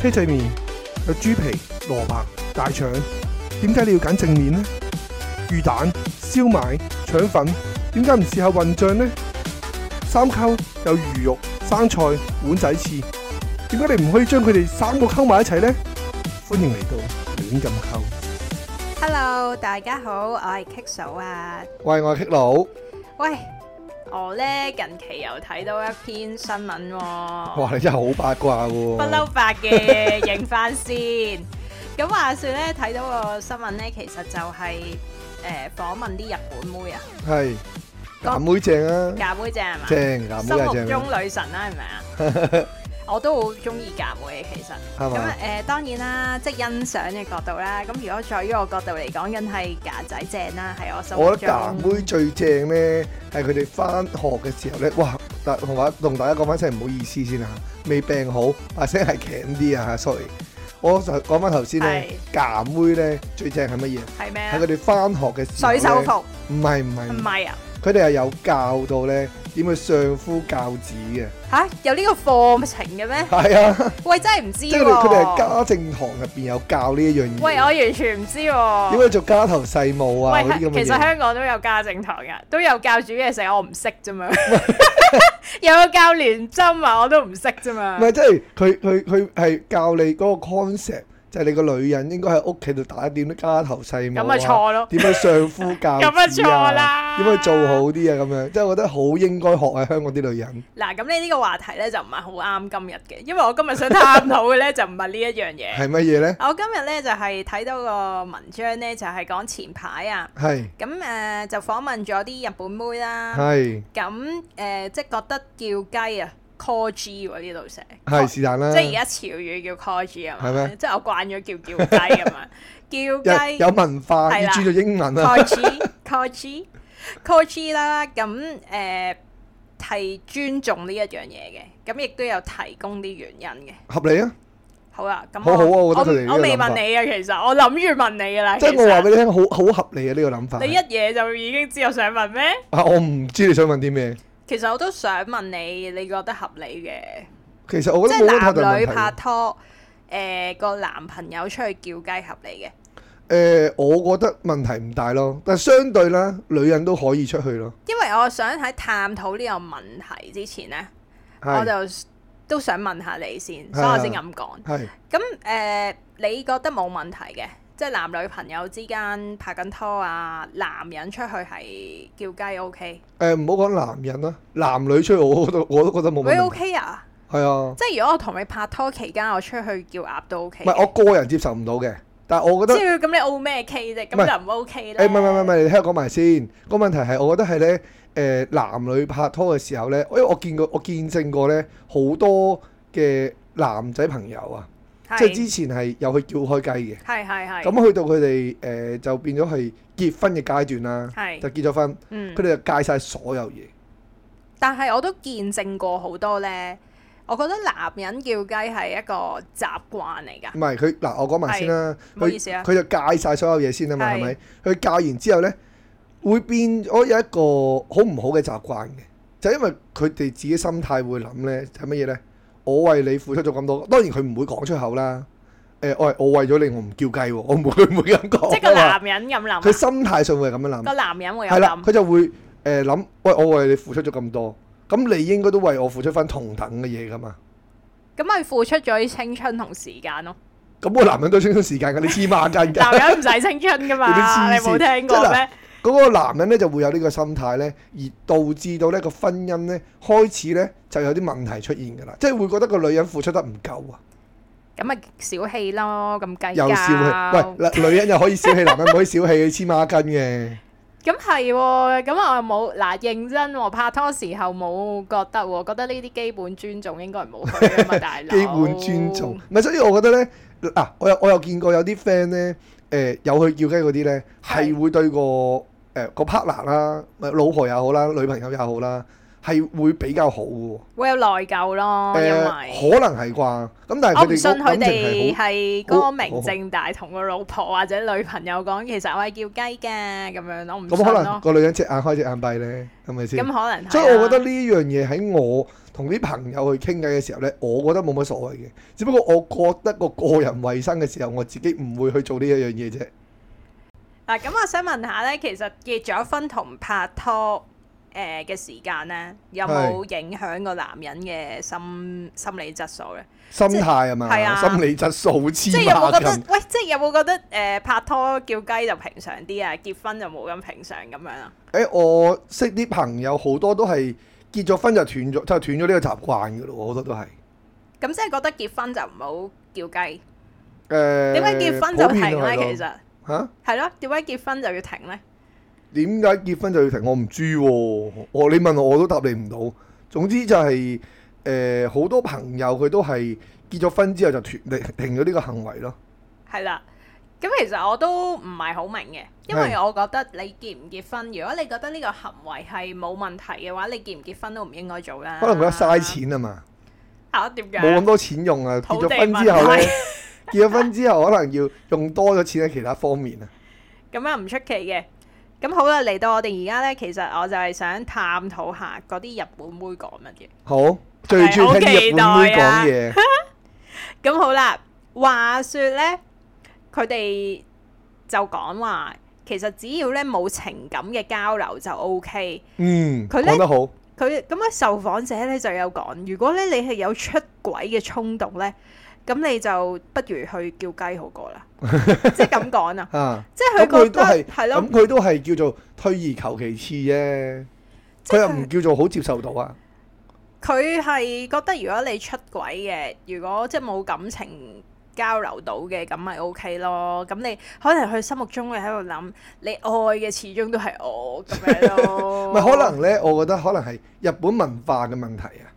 車仔麵有豬皮、蘿蔔、大腸，點解你要揀正面呢？魚蛋、燒賣、腸粉，點解唔試下混醬呢？三溝有魚肉、生菜、碗仔翅，點解你唔可以將佢哋三個溝埋一齊呢？歡迎嚟到戀咁媾。Hello，大家好，我係 Kick 嫂啊。喂，我係 Kick 佬。喂。我咧，哦、近期又睇到一篇新聞喎。哦，哇！你真係好八卦喎。哦，不嬲白嘅影翻先。咁話説咧，睇到個新聞咧，其實就係、是、誒、呃、訪問啲日本妹啊，係，假妹正啊，假妹正係嘛，正假妹係、啊、心目中女神啦，係咪啊？ 吧 我都好中意夾妹，其實咁誒當然啦，即係欣賞嘅角度啦。咁如果在於我角度嚟講，梗係夾仔正啦，係我心。我覺得夾妹最正咧，係佢哋翻學嘅時候咧，哇！同同大家講翻聲，唔好意思先啊，未病好，聲係強啲啊嚇，sorry。我就講翻頭先咧，夾妹咧最正係乜嘢？係咩？係佢哋翻學嘅時候咧。水手服。唔係唔係。唔係啊。佢哋係有教到咧。點去相夫教子嘅？吓、啊？有呢個課程嘅咩？係是啊！喂，真係唔知喎！ 即係佢哋，佢係家政堂入邊有教呢一樣嘢。喂，我完全唔知喎！點解做家頭細務啊？喂，其實香港都有家政堂嘅，都有教煮嘢食，我唔識啫嘛。有教練針啊，我都唔識啫嘛。唔係，即係佢佢佢係教你嗰個 concept。即係你個女人應該喺屋企度打點啲家頭細務啊，咁咪錯咯，點樣相夫教子啊，點樣做好啲啊咁樣，即係我覺得好應該學下香港啲女人。嗱，咁你呢個話題咧就唔係好啱今日嘅，因為我今日想探討嘅咧就唔係呢一樣嘢。係乜嘢咧？我今日咧就係睇到個文章咧，就係講前排啊，係咁誒，就訪問咗啲日本妹啦，係咁誒，即係覺得叫雞啊！call G 喎呢度寫，係是但啦，即係而家潮語叫 call G 啊，係咪？即係我慣咗叫叫雞咁啊，叫雞有文化，知道英文啦，call G call G call G 啦，咁誒係尊重呢一樣嘢嘅，咁亦都有提供啲原因嘅，合理啊，好啊，咁好好啊，我我未問你啊，其實我諗住問你噶啦，即係我話俾你聽，好好合理啊呢個諗法，你一嘢就已經知我想問咩？啊，我唔知你想問啲咩。其實我都想問你，你覺得合理嘅？其實我覺得，即係男女拍拖，誒、呃、個男朋友出去叫雞合理嘅？誒、呃，我覺得問題唔大咯，但係相對咧，女人都可以出去咯。因為我想喺探討呢個問題之前呢，的我就都想問下你先，所以我先咁講。係咁，誒、呃、你覺得冇問題嘅？即係男女朋友之間拍緊拖啊，男人出去係叫雞 OK？誒唔好講男人啊，男女出去我都我都覺得冇問題喂 OK 啊？係啊，即係如果我同你拍拖期間我出去叫鴨都 OK？唔係我個人接受唔到嘅，但係我覺得，即係咁你 o 咩 k 啫不？咁就唔 OK 咧？誒唔係唔係唔係，你聽我講埋先。個問題係我覺得係咧誒男女拍拖嘅時候咧，因為我見過我見證過咧好多嘅男仔朋友啊。即係之前係又去叫開雞嘅，係係係。咁去到佢哋誒就變咗係結婚嘅階段啦，係是就結咗婚，佢哋、嗯、就戒晒所有嘢。但係我都見證過好多咧，我覺得男人叫雞係一個習慣嚟㗎。唔係佢嗱，我講埋先啦。佢佢就戒晒所有嘢先啊嘛，係咪是？佢戒完之後咧，會變我有一個好唔好嘅習慣嘅，就因為佢哋自己心態會諗咧係乜嘢咧？我為你付出咗咁多，當然佢唔會講出口啦。誒、呃，我我為咗你，我唔叫雞，我唔會唔會咁講。即係個男人咁諗，佢心態上會係咁樣諗。個男人會係啦，佢就會誒諗、呃，喂，我為你付出咗咁多，咁你應該都為我付出翻同等嘅嘢㗎嘛？咁咪付出咗啲青春同時間咯、啊。咁個男人都 青春時間㗎，你痴孖筋㗎？男人唔使青春㗎嘛？你冇聽過咩？嗰個男人咧就會有呢個心態咧，而導致到呢個婚姻咧開始咧就有啲問題出現嘅啦，即係會覺得個女人付出得唔夠啊，咁咪小氣咯，咁計又小氣，喂，女人又可以小氣， 男人唔可以小氣，黐孖筋嘅。咁係喎，咁我又冇嗱，認真拍拖時候冇覺得，覺得呢啲基本尊重應該冇嘅嘛，大佬。基本尊重，咪所以我覺得咧，嗱、啊，我又我又見過有啲 friend 咧，誒、呃、有去叫雞嗰啲咧，係會對個誒個 partner 啦，咪老婆又好啦，女朋友又好啦，係會比較好。會有內疚咯，因為可能係啩。咁但係我唔信佢哋係光明正大同個老婆或者女朋友講，其實我係叫雞嘅咁樣，我唔信咯。咁可能個女人隻眼開隻眼閉咧，係咪先？咁可能。所以我覺得呢樣嘢喺我同啲朋友去傾偈嘅時候咧，我覺得冇乜所謂嘅。只不過我覺得個個人衞生嘅時候，我自己唔會去做呢一樣嘢啫。嗱，咁、啊嗯、我想問下咧，其實結咗婚同拍拖誒嘅時間咧，欸、有冇影響個男人嘅心心理質素嘅？心態啊嘛，係啊，心理質素，好似即係呀有冇覺得？喂，即係有冇覺得？誒、呃，拍拖叫雞就平常啲啊，結婚就冇咁平常咁樣啊？誒、欸，我識啲朋友好多都係結咗婚就斷咗，就斷咗呢個習慣噶咯，我覺得都係。咁即係覺得結婚就唔好叫雞？誒、欸，點解結婚就停咧？其實？吓，係咯、啊，點解結婚就要停呢？點解結婚就要停？我唔知喎、啊，我你問我我都答你唔到。總之就係、是、誒，好、呃、多朋友佢都係結咗婚之後就停停咗呢個行為咯。係啦，咁其實我都唔係好明嘅，因為我覺得你結唔結婚，的如果你覺得呢個行為係冇問題嘅話，你結唔結婚都唔應該做啦。可能覺得嘥錢啊嘛，吓，點解冇咁多錢用啊？地結咗婚之後咧。 結咗婚之後，可能要用多咗錢喺其他方面啊。咁啊， 唔出奇嘅。咁好啦，嚟到我哋而家呢，其實我就係想探討下嗰啲日本妹講乜嘢。好，最中意聽日本妹講嘢。咁、啊、 好啦，話說呢，佢哋就講話，其實只要呢冇情感嘅交流就 O K。嗯，佢講呢得好。佢咁啊，受訪者呢就有講，如果呢你係有出軌嘅衝動呢。」咁你就不如去叫雞好過啦，即係咁講啊！即係佢覺得係咯，咁佢都係叫做退而求其次啫。佢又唔叫做好接受到啊？佢係覺得如果你出軌嘅，如果即係冇感情交流到嘅，咁咪 OK 咯。咁你可能佢心目中會喺度諗，你愛嘅始終都係我咁樣咯。咪可能咧，我覺得可能係日本文化嘅問題啊。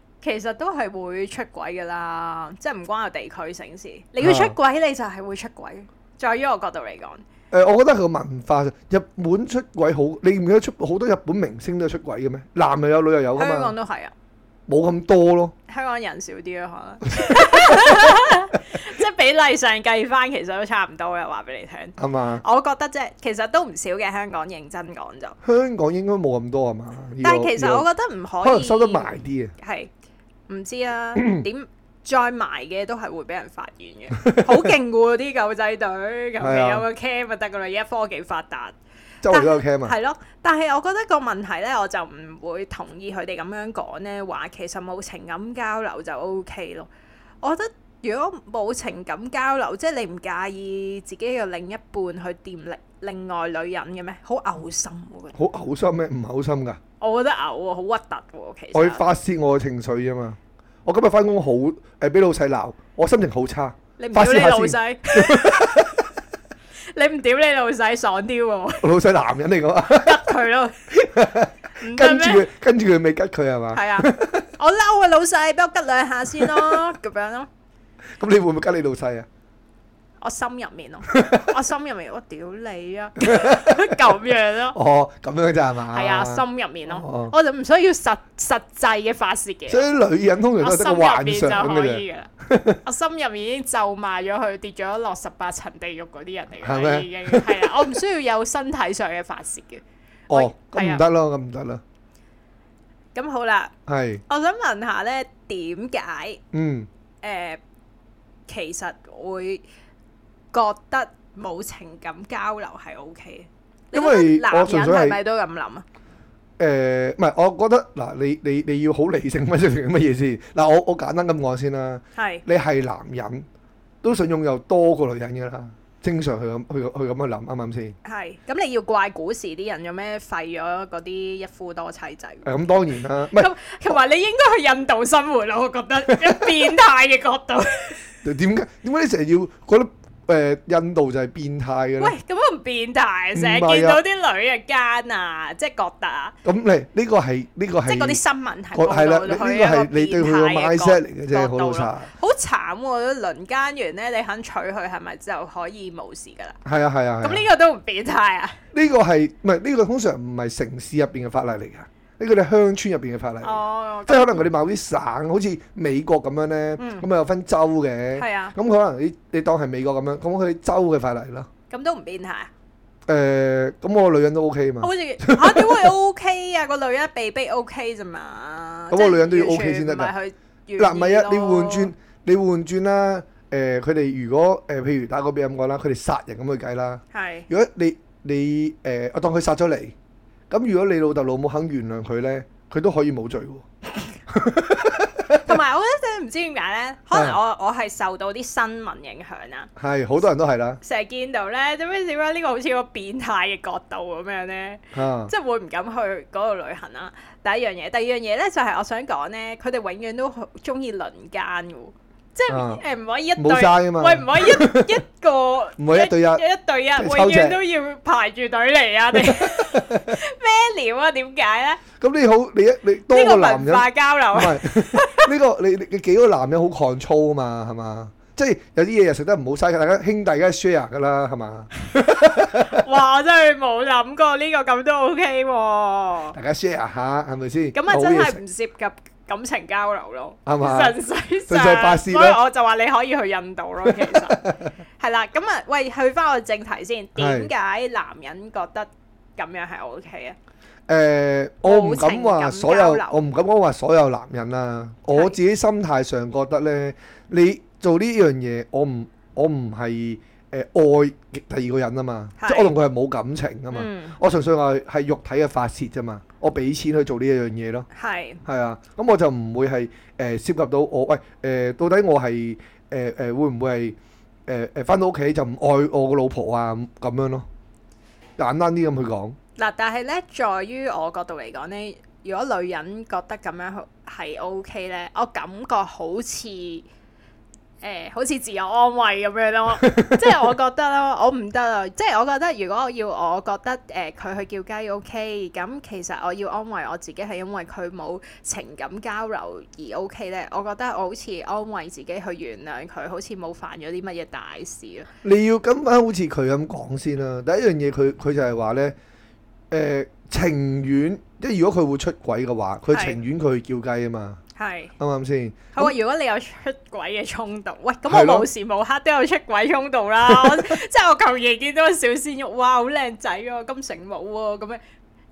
其實都係會出軌噶啦，即係唔關個地區成事。你要出軌，你就係會出軌。在於我角度嚟講，誒，我覺得係個文化日本出軌好，你唔記得出好多日本明星都係出軌嘅咩？男又有，女又有噶嘛？香港都係啊，冇咁多咯。香港人少啲咯，可能即係比例上計翻，其實都差唔多嘅。話俾你聽係嘛，我覺得即係其實都唔少嘅。香港認真講，就香港應該冇咁多啊嘛。但係其實我覺得唔可以可能收得埋啲啊係。唔知啊，點 再埋嘅都係會俾人發現嘅，好 勁喎啲狗仔隊，咁你 有個 cam 咪得噶啦！而家 科技發達，周圍都有 cam 啊。係咯，但係我覺得個問題呢，我就唔會同意佢哋咁樣講呢，話其實冇情感交流就 OK 咯，我覺得。如果冇情感交流，即係你唔介意自己嘅另一半去掂另另外女人嘅咩？好嘔心我覺得。好嘔心咩？唔係好心噶。我覺得嘔，好核突其實。我發泄我嘅情緒啫嘛。我今日翻工好誒，俾、呃、老細鬧，我心情好差。你唔屌你老細，你唔屌你老細，爽啲。老細男人嚟噶。吉佢咯。跟住跟住佢未吉佢係嘛？係 啊，我嬲啊老細，俾我吉兩下先咯，咁樣咯。 咁你會唔會跟你老細啊？我心入面咯，我心入面，我屌你啊，咁樣咯。哦，咁樣嘅咋係嘛？係啊，心入面咯，我就唔需要實實際嘅發泄嘅。所以女人通常都係得幻想咁嘅。我心入面已經咒罵咗佢，跌咗落十八層地獄嗰啲人嚟嘅。係咪？係啊，我唔需要有身體上嘅發泄嘅。哦，咁唔得咯，咁唔得咯。咁好啦，係。我想問下咧，點解？嗯。誒。其實會覺得冇情感交流係 O K 嘅，因為男人係咪都咁諗啊？誒，唔係，我覺得嗱，你你你要好理性乜先，乜嘢先？嗱，我我簡單咁講先啦，係你係男人，都想擁有多個女人嘅啦，正常去咁去去咁樣諗，啱唔啱先？係咁，你要怪古時啲人有咩廢咗嗰啲一夫多妻制？咁當然啦，唔係同埋你應該去印度生活咯，我覺得變態嘅角度。點解點解你成日要覺得誒印度就係變態嘅咧？喂，咁樣我唔變態，成日見到啲女嘅奸啊，即係覺得。咁你呢個係呢個係？即係嗰啲新聞係講到去啊！變態講到。好慘喎！一輪奸完咧，你肯娶佢係咪就可以冇事噶啦？係啊係啊。咁呢個都唔變態啊？呢個係唔係呢個通常唔係城市入邊嘅法例嚟噶？呢個你鄉村入邊嘅法例，哦、即係可能佢哋某啲省，好似美國咁樣咧，咁啊、嗯、有分州嘅，咁是、啊、可能你你當係美國咁樣，咁佢哋州嘅法例囉。咁都唔變態。誒、呃，咁我女人都 OK 啊嘛。好似啊點會 OK 啊？個 女人，被逼 OK 啫嘛。咁我女人都要 OK 先得㗎。嗱、啊，唔係啊，你換轉你換轉啦。誒、呃，佢哋如果誒、呃，譬如打個比喻咁講啦，佢哋殺人咁去計啦。係是。如果你你誒、呃，我當佢殺咗你。咁如果你老豆老母肯原諒佢呢，佢都可以冇罪喎。同埋我覺得唔知點解呢，可能我、啊、我係受到啲新聞影響啦。係好多人都係啦，成日見到呢，點解點解呢個好似個變態嘅角度咁樣呢？即係、啊、會唔敢去嗰度旅行啦。第一樣嘢，第二樣嘢呢，就係我想講呢，佢哋永遠都好中意輪奸㗎。即係唔可以一對，唔可以一一個，唔可以一對一，一對一，永遠都要排住隊嚟啊！你咩料啊？點解咧？咁你好，你一你多個男人，文化交流啊，唔係呢個你你幾個男人好 control 啊嘛？係嘛？即係有啲嘢又食得唔好嘥，大家兄弟梗係 share 噶啦，係嘛？哇！真係冇諗過呢個咁都 OK 喎！大家 share 下係咪先？咁啊，真係唔涉及。感情交流咯，係嘛？純粹法師，所以我就話你可以去印度咯。其實係啦，咁啊，喂，去翻個正題先，點解男人覺得咁樣係 O K 啊？誒，我唔敢話所有，我唔敢講話所有男人啦。我自己心態上覺得咧，你做呢樣嘢，我唔，我唔係。誒、呃、愛第二個人啊嘛，是即係我同佢係冇感情啊嘛、嗯、嘛，我純粹話係肉體嘅發泄啫嘛，我俾錢去做呢一樣嘢咯，係是，係啊，咁、嗯、我就唔會係誒、呃、涉及到我喂誒、呃，到底我係誒誒會唔會係誒誒返到屋企就唔愛我個老婆啊咁樣咯，簡單啲咁去講。嗱，但係呢，在於我角度嚟講呢，如果女人覺得咁樣係 OK 呢，我感覺好似。誒、欸，好似自我安慰咁樣咯，即係我覺得咯，我唔得啊！即係我覺得如果我要我覺得誒，佢、呃、去叫雞 OK，咁其實我要安慰我自己係因為佢冇情感交流而 OK 呢，我覺得我好似安慰自己去原諒佢，好似冇犯咗啲乜嘢大事啊！你要跟翻好似佢咁講先啦、啊。第一樣嘢，佢佢就係話呢，呃、情願即係如果佢會出軌嘅話，佢情願佢去叫雞啊嘛。啱唔啱先？係喎，如果你有出軌嘅衝動，喂，咁我無時無刻都有出軌衝動啦。即係我求其見到個小鮮肉，哇，好靚仔喎，金城武喎，咁樣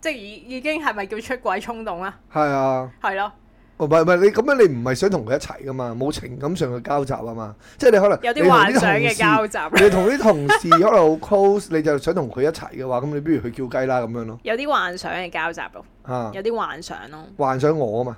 即係已已經係咪叫出軌衝動啊？係啊，係咯。哦，唔係唔係，你咁樣你唔係想同佢一齊噶嘛？冇情感上嘅交集啊嘛。即係你可能有啲幻想嘅交集。你同啲同事可能好 close，你就想同佢一齊嘅話，咁你不如去叫雞啦咁樣咯。有啲幻想嘅交集咯。啊，有啲幻想咯。幻想我啊嘛。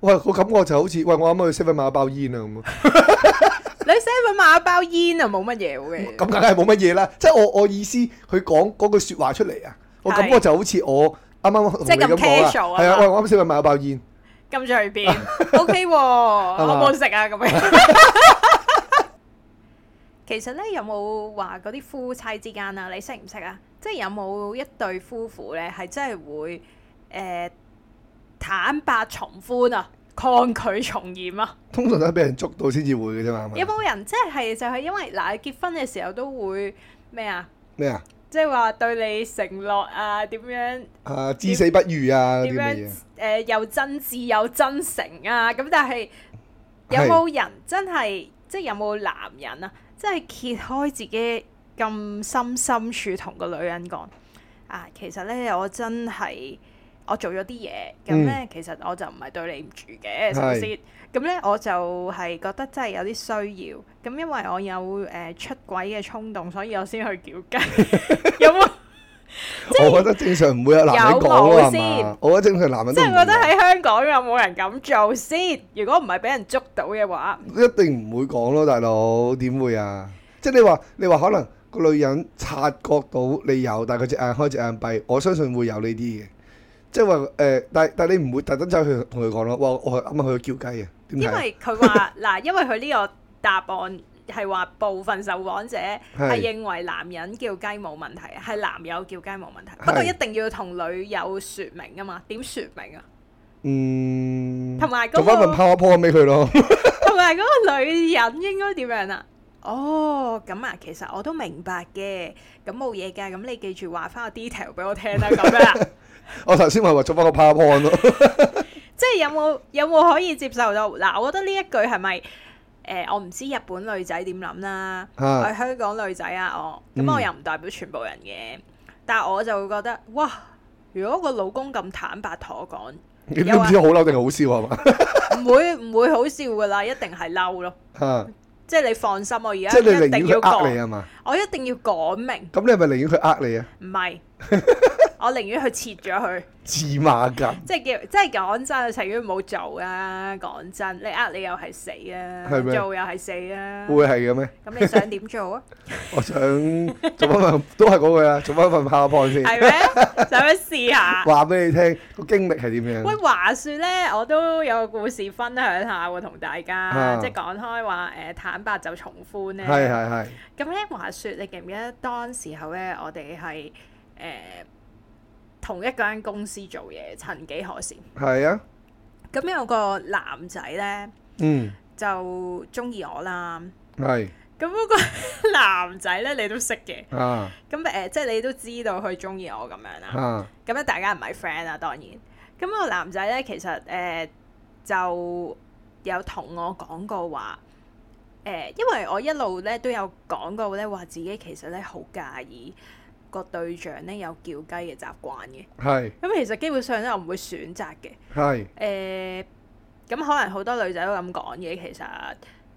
喂，我感覺就好似，喂、啊，我啱啱去 seven 買一包煙、 okay、啊，咁 啊，你 seven 買一包煙啊，冇乜嘢嘅，咁梗係冇乜嘢啦。即係我我意思，佢講嗰句說話出嚟啊，我感覺就好似我啱啱即係咁 casual 啊，係啊，喂，我啱啱 seven 買一包煙，咁隨便，OK 喎，好唔好食啊？咁樣，其實咧有冇話嗰啲夫妻之間啊？你識唔識啊？即係有冇一對夫婦咧係真係會誒？呃坦白從寬啊，抗拒從嚴啊。通常都係俾人捉到先至會嘅啫嘛。有冇人即係就係、是、因為嗱結婚嘅時候都會咩啊？咩啊？即係話對你承諾啊？點樣啊？至死不渝啊？點樣？誒又、啊呃、真摯又真誠啊？咁但係有冇人是真係即係有冇男人啊？即係揭開自己咁深深處同個女人講啊？其實咧，我真係。我做咗啲嘢，咁咧，其實我就唔係對你唔住嘅，首先咁咧，我就係覺得真係有啲需要咁，因為我有誒出軌嘅衝動，所以我先去叫雞有冇？即係我覺得正常唔會有男人講啦，係嘛？我覺得正常男人即係我覺得喺香港有冇人咁做先。如果唔係俾人捉到嘅話，一定唔會講咯，大佬點會啊？即係你話你話可能個女人察覺到你有，但係佢隻眼開隻眼閉，我相信會有呢啲嘅。即係話誒，但係但係你唔會特登走去同佢講咯，哇！我啱啱去叫雞嘅。因為佢話嗱，因為佢呢個答案係話部分受訪者係認為男人叫雞冇問題，係男友叫雞冇問題，不過一定要同女友說明啊嘛。點說明啊？嗯。同埋嗰個。做翻份拋拋俾佢咯。同埋嗰個女人應該點樣啊？哦，咁啊，其實我都明白嘅，咁冇嘢嘅，咁你記住話翻個 detail 俾我聽啦，咁樣。我頭先咪話做翻個 powerpoint 咯 ，即係有冇有冇可以接受到？嗱，我覺得呢一句係咪誒，我唔知日本女仔點諗啦，係、啊哎、香港女仔啊，我咁我又唔代表全部人嘅，但係我就會覺得哇，如果個老公咁坦白同我講，你都唔知好嬲，定好笑係嘛？唔 會唔會好笑噶啦，一定係嬲咯。啊、即係你放心，我而家即係你寧願佢呃你係、啊、嘛？我一定要講明。咁你係咪寧願佢呃你啊？唔係。我寧願去切咗佢，治馬甲，即係叫，即係講真，情願唔好做啊。講真，你呃你又係死啊，做又係死啊。會係嘅咩？咁你想點做啊？我想做翻份，都係嗰句啊。做翻份 account 先，係咩？想咁試下。話俾你聽，個經歷係點樣？喂，話說咧，我都有個故事分享下，同大家即係講開話，誒，坦白就從寬咧。係係係。咁咧，話說你記唔記得當時候咧，我哋係？誒同一嗰間公司做嘢，曾幾何時。係啊，咁有個男仔咧，嗯，就中意我啦。係，咁嗰個男仔咧，你都識嘅。咁誒、啊呃，即係你都知道佢中意我咁樣啦。啊，咁咧，大家唔係 friend 啊，當然。咁、嗰個男仔咧，其實誒、呃、就有同我講過話，誒、呃，因為我一路咧都有講過咧，話自己其實咧好介意，個對象咧有叫雞嘅習慣嘅，係咁其實基本上咧我唔會選擇嘅，係誒，咁可能好多女仔都咁講嘅，其實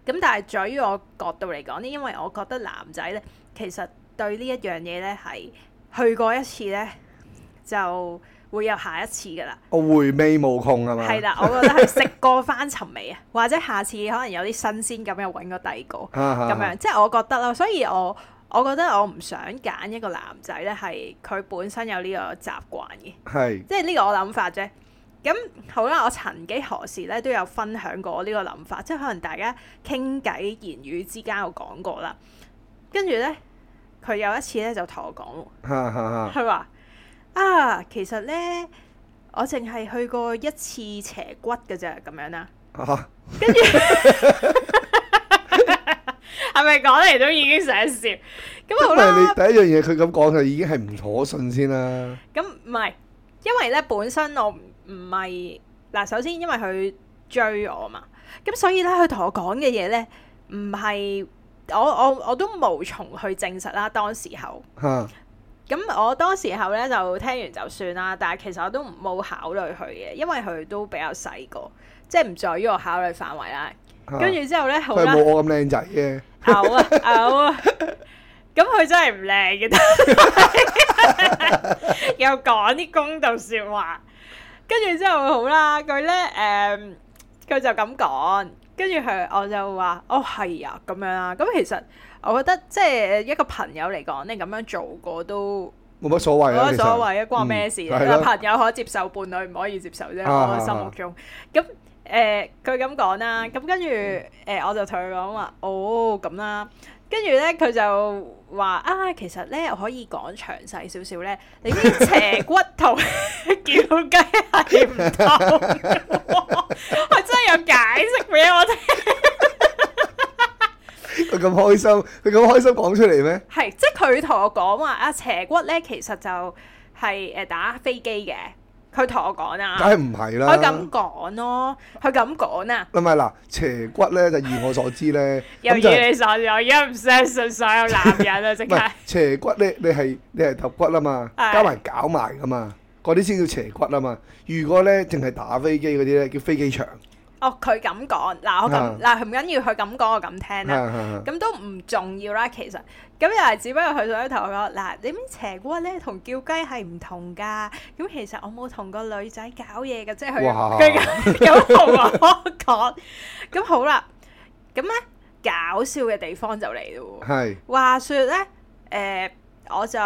咁但係在於我角度嚟講呢，因為我覺得男仔咧其實對呢一樣嘢咧係去過一次咧就會有下一次噶啦，我回味無窮係嘛？係啦，我覺得係食過翻尋味啊， 或者下次可能有啲新鮮咁樣搵個第二個咁、啊啊、樣，啊啊、即係我覺得啦，所以我。我覺得我唔想揀一個男仔呢係佢本身有呢個習慣嘅，是即係呢個我諗法啫。咁好啦，我曾幾何時呢都有分享過呢個諗法，即係可能大家傾偈言語之間有講過啦。跟住呢，佢有一次呢就同我講，佢話 啊，其實呢，我淨係去過一次邪骨嘅咋，咁樣啦。 跟住著笑。係咪講嚟都已經想笑？咁好啦，你第一樣嘢佢咁講就已經係唔可信先啦。咁唔係，因為咧本身我唔係嗱，首先因為佢追我嘛，咁所以咧佢同我講嘅嘢咧，唔係我我我都無從去證實啦。當時候，咁、啊、我當時候咧就聽完就算啦。但係其實我都冇考慮佢嘅，因為佢都比較細個，即係唔在於我考慮範圍啦。跟住之後咧，好啦，佢冇我咁靚仔嘅，醜啊，醜啊，咁佢真係唔靚嘅，又講啲公道説話。跟住之後好啦，佢咧誒，佢就咁講，跟住佢我就話：哦，係啊，咁樣啦。咁其實我覺得，即係一個朋友嚟講，你咁樣做，我都冇乜所謂，冇乜所謂，關我咩事？朋友可接受，伴侶唔可以接受啫。我心目中咁。誒佢咁講啦，咁、呃、跟住誒、呃、我就同佢講話，哦咁啦，跟住咧佢就話啊，其實咧我可以講詳細少少咧，你啲邪骨同 叫雞係唔同，係真係有解釋俾我聽。佢 咁開心，佢咁開心講出嚟咩？係即係佢同我講話啊，邪骨咧其實就係誒打飛機嘅。佢同我講啊，佢咁講咯，佢咁講啊。唔係嗱，邪骨咧就以我所知咧， 又以你所言，唔相信所有男人啊！即係邪骨咧，你係你係揼骨啊嘛， 加埋搞埋噶嘛，嗰啲先叫邪骨啊嘛。如果咧淨係打飛機嗰啲咧，叫飛機場。哦，佢咁講，嗱我咁，嗱唔緊要，佢咁講我咁聽啦，咁都唔重要啦，其實，咁又係只不過佢想喺度講，嗱，啲邪骨咧同叫雞係唔同㗎，咁其實我冇同個女仔搞嘢嘅即係，佢咁咁同我講，咁好啦，咁咧搞笑嘅地方就嚟啦喎，係話説咧，誒我就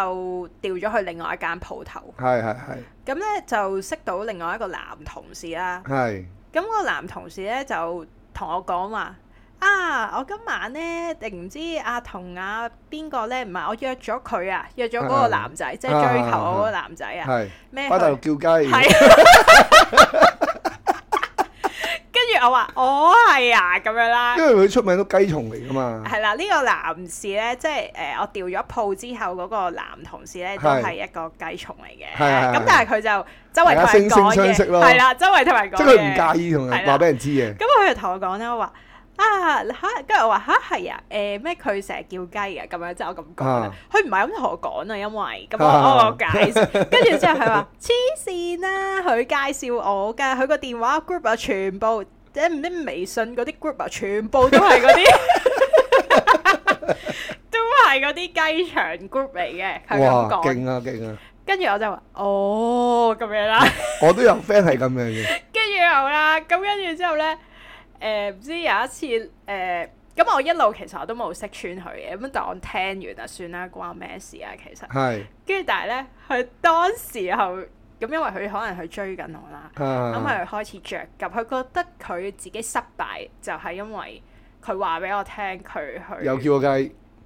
調咗去另外一間鋪頭，係係係，咁咧就識到另外一個男同事啦，係，咁我、嗯那個、男同事咧就同我講話啊，我今晚咧定唔知阿同阿邊個咧，唔、啊、係、啊、我約咗佢啊，約咗嗰個男仔，啊、即係追求嗰個男仔啊，咩我喺度叫雞？我話我係啊，咁樣啦，因為佢出名都雞蟲嚟噶嘛。係啦，呢個男士咧，即係誒我調咗鋪之後嗰個男同事咧，都係一個雞蟲嚟嘅。係咁，但係佢就周圍同人講嘢，係啦，周圍同人講，即係佢唔介意同人話俾人知嘅。咁佢就同我講啦，我話啊嚇，跟住我話嚇係啊，誒咩佢成日叫雞啊咁樣，即係我咁講。佢唔係咁同我講啊，因為咁我，我解釋，跟住之後佢話黐線啦，佢介紹我㗎，佢個電話 group 啊全部。即唔知微信嗰啲 group 啊，全部都係嗰啲，都係嗰啲雞場 group 嚟嘅，係咁講。勁啊勁啊！啊跟住我就話：哦咁樣啦、啊。我都有 friend 係咁樣嘅、啊。 跟住又啦，咁跟住之後咧，誒、呃、唔知有一次誒，咁、呃、我一路其實我都冇識穿佢嘅，咁但係我聽完啊，算啦，關我咩事啊？其實係。是跟住但係咧，佢當時候。咁因為佢可能去追緊我啦，咁佢、啊、開始着急，佢覺得佢自己失敗就係、是、因為佢話俾我聽佢，去有叫我雞，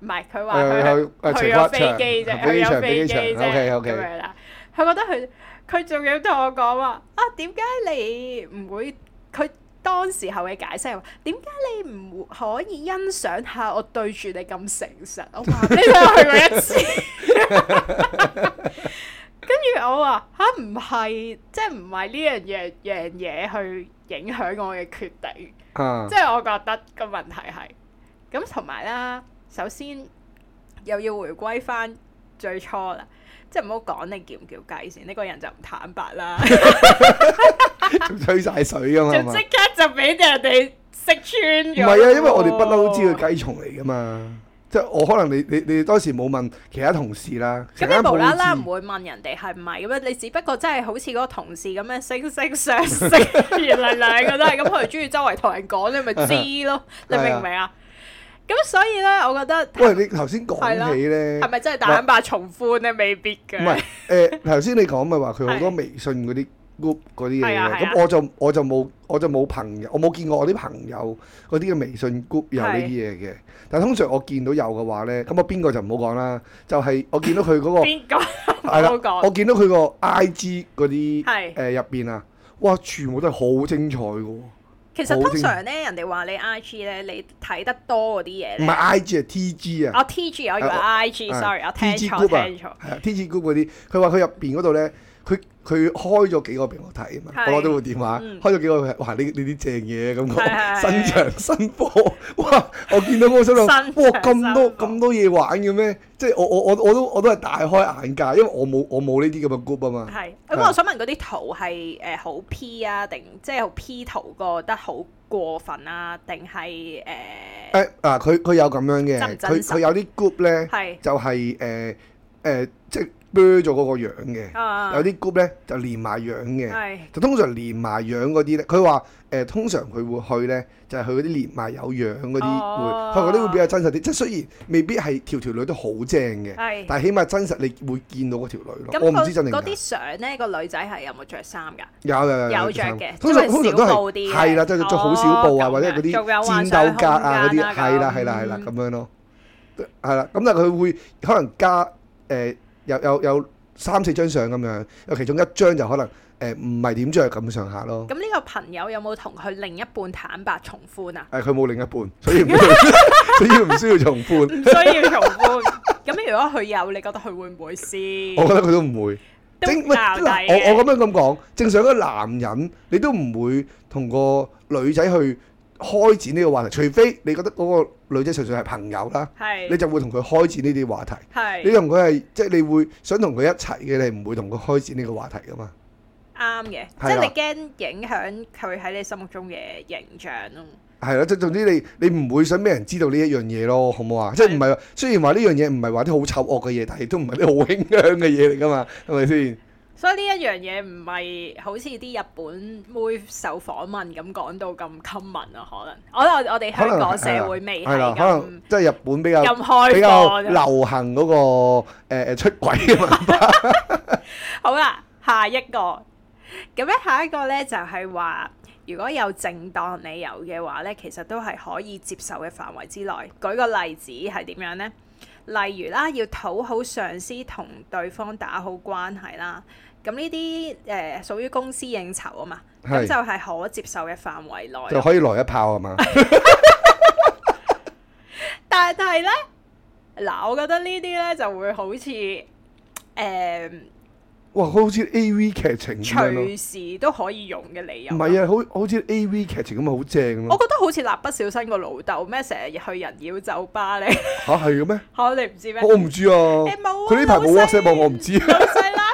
唔係佢話佢去咗飛機啫，去、呃呃、有飛機啫，O K 啦。佢、呃呃呃、覺得佢佢仲要同我講話啊，點、呃、解、呃、你唔會？佢當時候嘅解釋話，點解你唔可以欣賞下我對住你咁誠實？我話你都去過一次。 跟住我話吓，唔、啊、係即係唔係呢樣嘢樣嘢去影響我嘅決定，啊、即係我覺得個問題係咁同埋啦。首先又要回歸翻最初啦，即係唔好講你叫唔叫雞先，呢個人就唔坦白啦， 就吹晒水噶嘛，就即刻就俾人哋識穿咗，唔係啊，因為我哋不嬲都知佢雞蟲嚟噶嘛。即係我可能你你你當時冇問其他同事啦，咁你無啦啦唔會問人哋係唔係咁樣？你只不過真係好似嗰個同事咁樣惺惺相惜，原來兩個都係咁，佢中意周圍同人講，你咪知咯？ 你明唔明啊？咁 所以咧，我覺得喂，你頭先講起咧，係咪真係大喊白重歡咧？未必嘅。唔係誒，頭、呃、先你講咪話佢好多微信嗰啲。啲嘢，咁我就我就冇我就冇朋友，我冇見過我啲朋友嗰啲嘅微信 group 有呢啲嘢嘅。但通常我見到有嘅話呢，咁啊邊個就唔好講啦，就係我見到佢嗰個，邊個唔好講。我見到佢個 IG 嗰啲，係誒入邊啊，哇，全部都係好精彩嘅喎。其實通常呢，人哋話你 IG 呢，你睇得多嗰啲嘢。唔係 IG 係 TG 啊。我 TG 以為 IG，sorry，我聽錯聽錯。係啊，TG group 嗰啲，佢話佢入邊嗰度呢。佢佢開咗幾個俾我睇啊嘛，的我攞咗部電話，嗯、開咗幾個，哇！呢呢啲正嘢咁講，新場新波，哇！我見到我想到，哇！咁多咁多嘢玩嘅咩？即係我我我我都我都係大開眼界，因為我冇我冇呢啲咁嘅 group 啊嘛。係的，咁我想問嗰啲圖係誒、呃、好 P 啊，定即係好 P 圖過得好過分啊？定係誒？誒啊！佢佢有咁樣嘅，佢佢有啲 group 咧，就係誒誒即。孭咗嗰個樣嘅，有啲 group 咧就連埋樣嘅，就通常連埋樣嗰啲咧，佢話誒通常佢會去咧，就係去嗰啲連埋有樣嗰啲會，佢話嗰啲會比較真實啲。即係雖然未必係條條女都好正嘅，但係起碼真實你會見到嗰條女咯。我唔知真定假。咁嗰啲嗰啲相咧，個女仔係有冇着衫㗎？有有有有著嘅，通常通常都係係啦，即係著好少布啊，或者嗰啲戰鬥格啊嗰啲，係啦係啦係啦咁樣咯，係啦。咁但係佢會可能加誒。有有有三四張相咁樣，其中一張就可能誒唔係點著咁上下咯。咁呢個朋友有冇同佢另一半坦白從寬啊？誒，佢冇另一半，所以唔需要，所以唔需要從寬。唔需要從寬。咁如果佢有，你覺得佢會唔會先？我覺得佢都唔會。都教底嘅。我我咁樣咁講，正常嘅男人你都唔會同個女仔去開展呢個話題，除非你覺得嗰個女仔純粹係朋友啦，你就會同佢開展呢啲話題。你同佢係即係你會想同佢一齊嘅，你唔會同佢開展呢個話題噶嘛。啱嘅，即係你驚影響佢喺你心目中嘅形象咯。係咯，即係總之你你唔會想畀人知道呢一樣嘢咯，好唔好啊？即係唔係話，雖然話呢樣嘢唔係話啲好醜惡嘅嘢，但係亦都唔係啲好輕香嘅嘢嚟噶嘛，係咪先？所以呢一樣嘢唔係好似啲日本妹受訪問咁講到咁 common 啊，可能可能我哋香港社會未可能可能即係日本比較咁開放，流行嗰、嗰個 出軌 好啦，下一個咁咧，下一個咧就係、係、話，如果有正當理由嘅話咧，其實都係可以接受嘅範圍之內。舉個例子係點樣呢？例如啦，要討好上司同對方打好關係啦。咁呢啲誒屬於公司應酬啊嘛，咁是就係可接受嘅範圍內，就可以來一炮啊嘛？ 但係咧，嗱、啊，我覺得呢啲咧就會好似誒，欸、哇，好似 A V 劇情、啊，隨時都可以用嘅理由、啊。唔係啊，好好似 A V 劇情咁啊，好正咯！我覺得好似《蠟筆小新爸爸》個老豆咩，成日去人妖酒吧嚟吓，係嘅咩？吓，你唔知咩？我唔知啊，佢呢排冇 WhatsApp 我、啊，我唔知。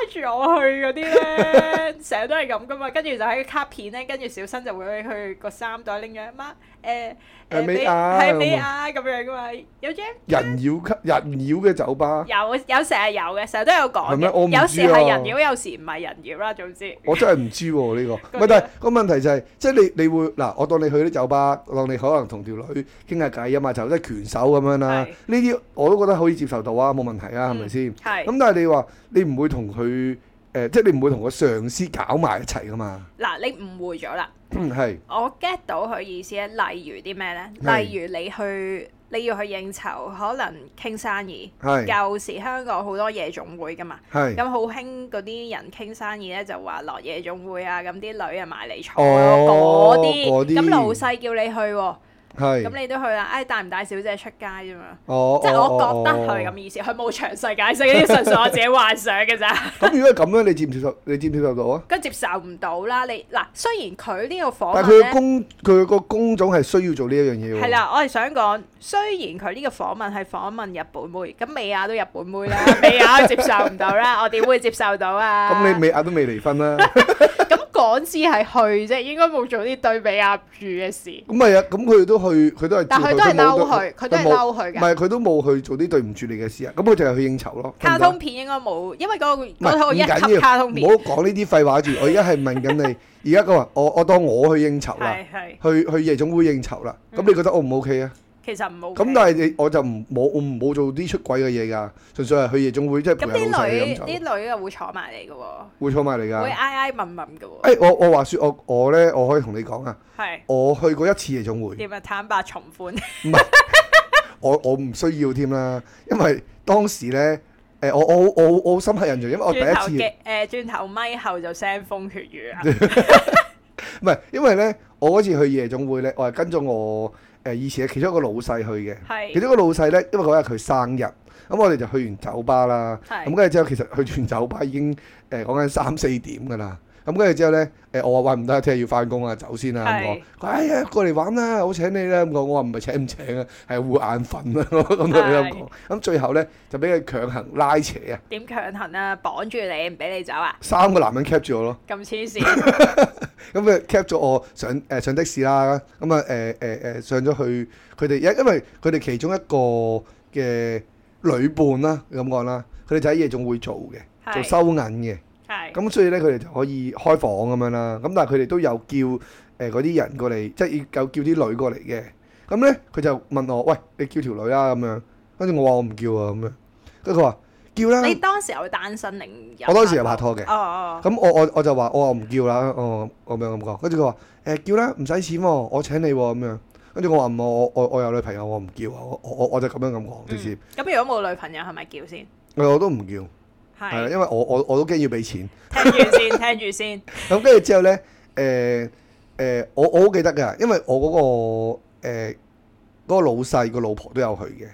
跟住我去嗰啲咧，成日都係咁噶嘛。跟住就喺卡片咧，跟住小新就會去個衫袋拎咗一，媽。誒誒，咩啊係咩啊咁樣噶嘛？有張人妖人妖嘅酒吧有，有成日有嘅，成日都有講。啊、有時係人妖，有時唔係人妖啦。總之我真係唔知喎呢、啊呢個。唔係， 但係、個問題就係、是，即係你你會嗱，我當你去啲酒吧，當你可能同條女傾下偈啊嘛，就一、是、拳手咁樣啦、啊。呢啲是我都覺得可以接受到啊，冇問題啊，係咪先？係咁，是但係你話你唔會同佢。誒，即係你唔會同個上司搞埋一齊噶嘛？嗱，你誤會咗啦。嗯，係。我 get 到佢意思咧，例如啲咩咧？例如你去，你要去應酬，可能傾生意。係。舊時香港好多夜總會噶嘛。係。咁好興嗰啲人傾生意咧，就話落夜總會啊，咁啲女啊埋嚟坐嗰啲。嗰啲。咁老細叫你去喎。係咁，你都去啦。哎，帶唔帶小姐出街啫嘛？哦，即係我覺得佢咁意思，佢冇詳細解釋，呢啲純粹我自己幻想嘅咋。咁如果咁樣，你接唔接受？你接唔接受到啊？梗係接受唔到啦，你嗱，雖然佢呢個訪問，但係佢嘅工佢嘅個工種係需要做呢一樣嘢。係啦，我係想講，雖然佢呢個訪問係訪問日本妹，咁美亞都日本妹啦，美亞接受唔到啦，我點會接受到啊？咁你美亞都未離婚啦？咁講至係去啫，應該冇做啲對比壓住嘅事。咁啊呀，咁佢都。佢佢都係，但都係嬲佢，佢都係嬲佢㗎。唔係佢都冇去做啲對唔住你嘅事啊，咁佢就係去應酬咯。卡通片應該冇，因為嗰、嗰個嗰是卡通片。唔好講呢啲廢話住， 我而家係問緊你。而家佢話我我當我去應酬啦， 去去夜總會應酬啦，咁你覺得 O 唔 O K 啊？嗯其實唔好咁，但係你我就唔冇，我唔冇做啲出軌嘅嘢㗎，純粹係去夜總會，即係陪下老細嘅咁就。啲女啲女又會坐埋嚟㗎喎，會坐埋嚟㗎，會挨挨問問㗎喎。誒，我我話説我我咧，我可以同你講啊，係我去過一次夜總會。你咪坦白從寬，唔係我我唔需要添啦，因為當時咧誒，我我我我好深刻印象，因為我第一次誒轉頭咪後就腥風血雨啊，唔係因為咧我嗰次去夜總會咧，我係跟咗我。誒以前係其中一個老細去嘅，是其中一個老細呢，因為嗰日佢生日，咁我哋就去完酒吧啦。咁跟住之後，其實去完酒吧已經誒講緊三四點㗎啦。咁跟住之後咧，誒我話玩唔得，聽日要返工啊，走先啦咁講。哎呀，過嚟玩啦，我請你啦咁講。我話唔係請唔請啊，係會眼瞓啊咁樣講。咁是的 最後咧就俾佢強行拉扯啊。點強行啊？綁住你唔俾你走啊？三個男人 cap 住我咯。咁黐線。咁佢 cap 咗我上誒、呃、上的士啦。咁啊誒誒誒上咗去，佢哋因因為佢哋其中一個嘅女伴啦咁講啦，佢哋就喺夜總會做嘅，做收銀嘅。係，咁、嗯、所以咧，佢哋就可以開房咁樣啦。咁但係佢哋都有叫誒嗰啲人過嚟，即係有叫啲女過嚟嘅。咁咧，佢就問我：喂，你叫條女啦咁、啊、樣。跟住我話我唔叫啊咁樣。跟住佢話：叫啦。你當時有單身定？我當時又拍拖嘅。哦哦。咁、啊啊、我我我就話我唔叫啦，我咁樣咁講。跟住佢話：誒、呃，叫啦，唔使錢喎、啊，我請你喎、啊、咁樣。跟住我話、嗯啊、我我我有女朋友，我唔叫啊。我我我就咁樣咁講，點先？咁、嗯、如果冇女朋友係咪叫先？我都唔叫。係，因為我我我都驚要俾錢，聽住先，聽住先。咁跟住之後咧，誒、呃、誒、呃，我我好記得㗎，因為我嗰、個誒、呃嗰個、老細、個老婆都有去嘅。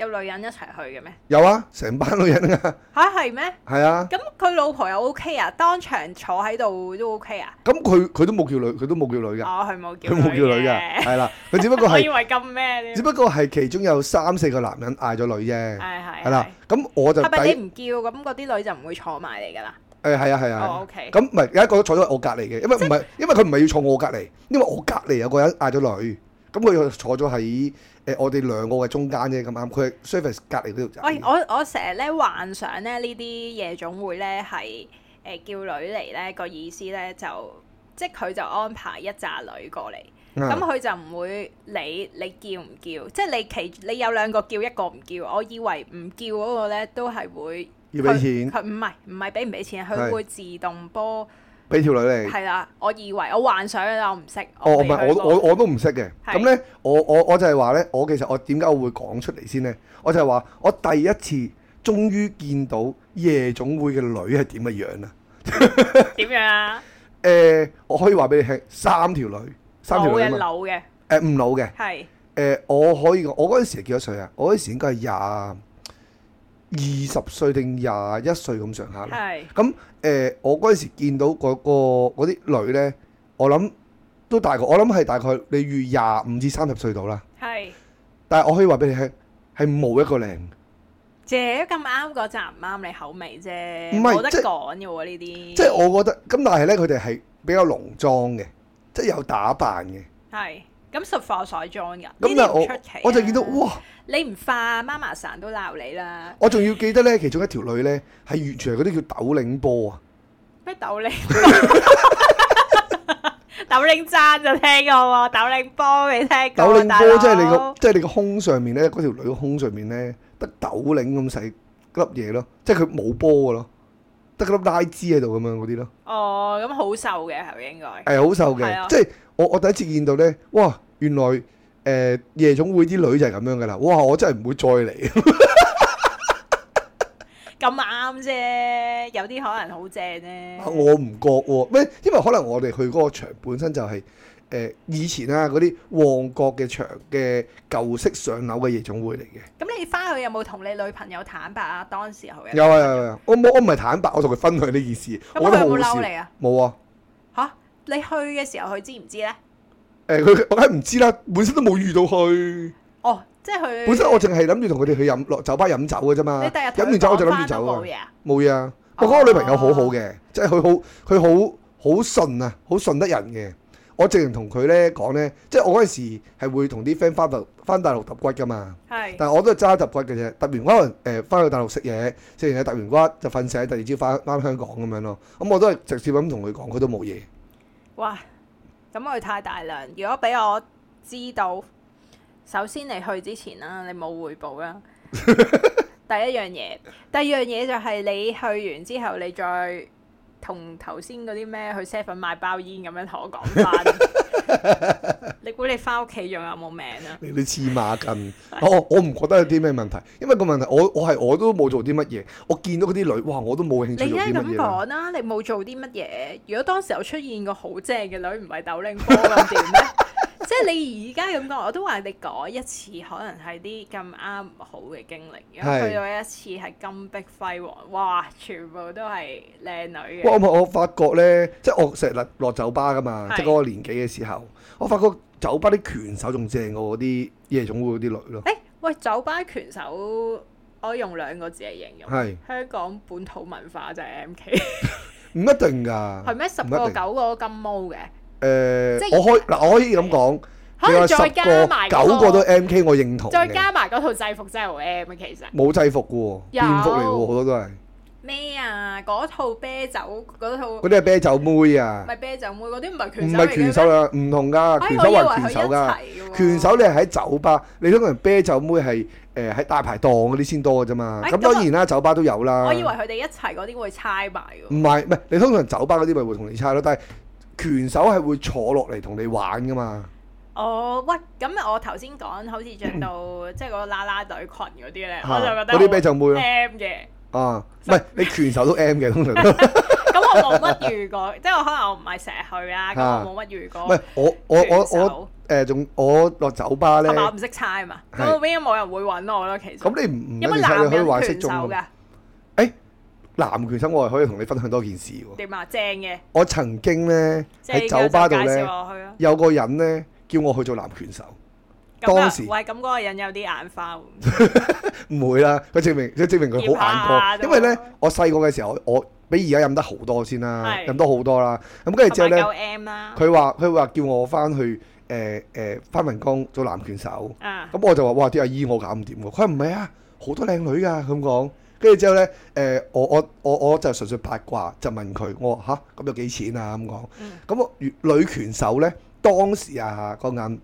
有女人一齊去嘅咩？有啊，成班女人㗎吓係咩？係啊。咁佢老婆又 OK 啊？當場坐喺度都 OK 啊？咁佢佢都冇叫女，佢都冇叫女嘅。哦，佢冇叫。佢冇叫女嘅，係啦。佢只不過係以為咁咩？只不過係其中有三四個男人嗌咗女啫。係係。係啦。咁我就係咪你唔叫咁嗰啲女就唔會坐埋嚟㗎啦？誒係啊係啊。OK。咁唔係有一個坐咗我隔離嘅，因為唔係因為佢唔係要坐我隔離，因為我隔離有個人嗌咗女，咁佢坐咗喺，誒、呃，我哋兩個嘅中間啫，咁啱佢 service 隔離都條站。我我我成日咧幻想咧呢啲夜總會咧係誒叫女嚟咧個意思咧就即係佢就安排一紮女過嚟，咁佢、嗯、就唔會理你叫唔叫，即係你其你有兩個叫一個唔叫，我以為唔叫嗰個咧都係會要俾錢，佢唔係唔係俾唔俾錢，佢會自動波。俾條女嚟，係啦！我以為我幻想，我唔識。我哦，唔係我我我都唔識嘅。咁咧是的，我我我就係話咧，我其實我點解會講出嚟先咧？我就係話，我第一次終於見到夜總會嘅女係點嘅樣咧、啊。點 樣啊？誒、呃，我可以話俾你聽，三條女，三條女人老嘅的，誒唔老嘅的。係、呃。誒的、呃，我可以，我嗰陣時幾多歲啊？我嗰陣時應該係廿。二十歲定廿一歲咁上下啦。係。咁誒，我嗰陣時見到嗰個嗰啲女咧，我諗都大概。我諗係大概你預廿五至三十歲到啦。係。但係我可以話俾你聽，係冇一個靚。嗯。姐咁啱嗰集唔啱你口味啫，唔係冇得講嘅喎呢啲。即係我覺得，咁但係咧，佢哋係比較濃妝嘅，即係有打扮嘅。係。咁實化彩妝噶，真係出奇，啊我！我就見到哇，你唔化媽媽成日都鬧你啦。我仲要記得咧，其中一條女咧係完全係嗰啲叫斗零波啊。咩斗零波？斗零踭就聽過，斗零波未聽過？斗零凌波即係哥你個，即、就、係、是、你個胸上面咧，嗰條女個胸上面咧，得斗零咁細粒嘢咯，即係佢冇波嘅咯。得粒拉枝喺度咁樣嗰啲咯。哦，咁好瘦嘅，係咪應該？係，好瘦嘅，即係我我第一次見到呢。哇！原來、呃、夜總會啲女就係咁樣噶啦，哇！我真係唔會再嚟。咁啱啫，有啲可能好正呢。我唔覺喎，咩，因為可能我哋去嗰個場本身就係、是。誒、呃、以前啊，嗰啲旺角嘅場嘅舊式上樓嘅夜總會嚟嘅。咁你返去有冇同你女朋友坦白啊？當時佢有啊，我冇，我唔係坦白，我同佢分享呢意思。有有我佢有冇嬲你啊？冇啊！嚇，你去嘅時候佢知唔知咧？誒、啊，佢我梗係唔知啦，本身都冇遇到佢。哦，即係本身我淨係諗住同佢哋去飲落酒吧飲酒嘅啫嘛。你第日飲完酒我就諗住走啊！冇嘢啊！我覺得我女朋友好好嘅，即係佢好，佢好好，好，好順啊，好順得人嘅。我直情同佢咧講咧，即係我嗰陣時係會同啲 friend 翻大翻大陸揼骨噶嘛，是但係我都係揸揼骨嘅啫，揼完可能誒翻去大陸食嘢，食完嘢揼完骨就瞓醒，第二朝翻翻香港咁樣咯。咁我都係直接咁同佢講，佢都冇嘢。哇！咁佢太大量，如果俾我知道，首先你去之前啦、啊，你冇匯報啦、啊。 第一樣嘢，第二樣嘢就係你去完之後，你再。同頭先嗰啲咩去 seven 買包煙咁樣同我講翻， 你估你翻屋企仲有冇命啊？你啲黐孖筋，哦，我唔覺得有啲咩問題，因為個問題，我我係我都冇做啲乜嘢，我見到嗰啲女，哇，我都冇興趣你呢。你應該咁講啦，你冇做啲乜嘢，如果當時有出現個好正嘅女，唔係豆零哥咁點咧？ 即係你而家咁講，我都話你講一次，可能係啲咁啱好嘅經歷，咁去咗一次係金碧輝煌，哇！全部都係靚女嘅。我我發覺呢，即係我成日落酒吧㗎嘛，是即係嗰個年紀嘅時候，我發覺酒吧啲拳手仲正過嗰啲夜總會嗰啲女咯、欸。喂，酒吧拳手，我用兩個字嚟形容係是香港本土文化就係 MK，唔一定㗎。係咩？十個九個金毛嘅。誒，即係我開嗱，我可以咁講，你話十個九個都 M K，我認同。再加埋嗰套制服真係好 M 啊，其實。冇制服嘅喎。有。好多都係。咩啊？嗰套啤酒嗰套。嗰啲係啤酒妹啊！唔係啤酒妹嗰啲唔係拳手嚟。唔係拳手啦，唔同㗎，拳手係拳手㗎，拳手你係喺酒吧，你通常啤酒妹係誒喺大排檔嗰啲先多㗎啫嘛。咁當然啦，酒吧都有啦。我以為佢哋一齊嗰啲會猜埋喎。唔係唔係，你通常酒吧嗰啲咪會同你猜咯，但係。拳手係會坐落嚟同你玩噶嘛？哦，喂，咁我頭先講好似著到即係嗰個啦啦隊羣嗰啲咧，我就覺得嗰啲啤酒妹咯，M 嘅。啊，唔係你拳手都 M 嘅通常。咁我冇乜遇過，即係我可能我唔係成日去啦，咁我冇乜遇過。唔係我我我我誒仲我落酒吧咧，我唔識猜嘛，我邊冇人會搵我咯。其實咁你唔一般男嘅可以玩識就㗎。男拳手我係可以同你分享多件事喎。啊？正嘅。我曾經咧喺酒吧度咧，有個人咧叫我去做男拳手。啊、當時唔係咁嗰個人有啲眼花。唔 會啦，佢證明佢證明佢好眼波。因為咧，我細個嘅時候，我比而家飲得好多先啦，飲多好多啦。咁跟住之後咧，佢話佢話叫我翻去誒誒翻份工做男拳手。咁、啊、我就話：哇，啲阿姨我搞唔掂㗎。佢唔係啊，好多靚女㗎。咁講。跟住之後咧，誒、呃、我我我我就純粹八卦，就問佢，我話嚇咁有幾錢啊？咁講，咁、嗯嗯、女拳手咧當時啊，嗰眼，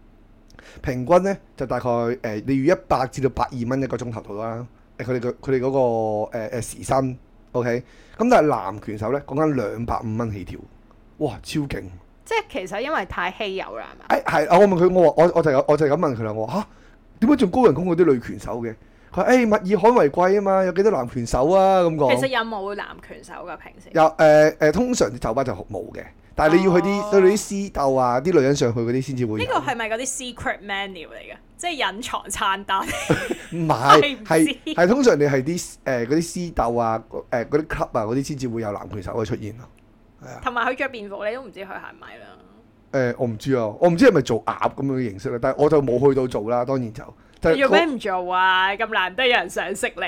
平均咧就大概誒、呃、你預一百至到百二蚊一個鐘頭到啦，佢哋佢哋嗰個誒誒時薪，OK，咁但係男拳手咧講緊兩百五蚊起跳，250，哇超勁！即係其實因為太稀有啦，係咪、哎？係啊，我問佢，我話我我，我，我，我就有、是、我就咁問佢啦，我話吓，點解仲高人工嗰啲女拳手嘅？佢、哎、物以罕為貴啊嘛，有幾多男拳手啊咁講？其實有冇男拳手㗎？平時有誒誒、呃，通常啲酒吧就冇嘅，但係你要去啲、哦、去到啲私竇啊，啲女人上去嗰啲先至會。呢個係咪嗰啲 secret menu 嚟㗎？即係隱藏餐單？唔係，係係通常你係啲誒啲私竇啊誒嗰啲 club 啊嗰啲先至會有男拳手嘅出現咯。係啊，同埋佢着便服你都唔知佢係唔係啦。誒我唔知啊，我唔知係咪做鴨咁樣嘅形式啦，但係我就冇去到做啦，當然就。做咩唔做啊？咁難得有人想識你，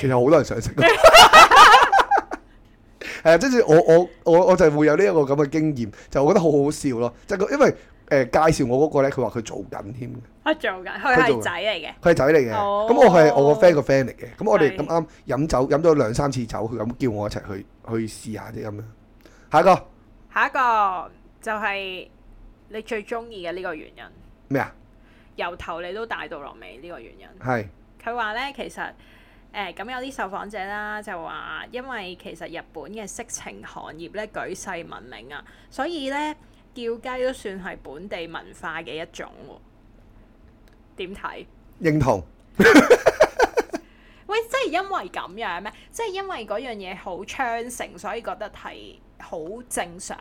其實好多人想識你。 係啊，即係我我我我就會有呢一個咁嘅經驗，就我覺得好好笑咯。即、就、係、是、因為誒、呃、介紹我嗰個咧，佢話佢做緊添。佢做緊，佢係仔嚟嘅，佢係仔嚟嘅。咁我係我個 friend 個 friend 嚟嘅。咁我哋咁啱飲酒飲咗兩三次酒，佢咁叫我一齊去去試下啲咁樣。下一個，下一個就係你最中意嘅呢個原因咩啊？由頭你都大到落尾呢、呢個原因。係佢話呢，其實誒咁、呃、有啲受訪者啦，就話因為其實日本嘅色情行業咧舉世聞名啊，所以呢，叫雞都算係本地文化嘅一種喎、啊。點睇？認應同？ 喂，即係因為咁樣咩？即係因為嗰樣嘢好昌盛，所以覺得係好正常？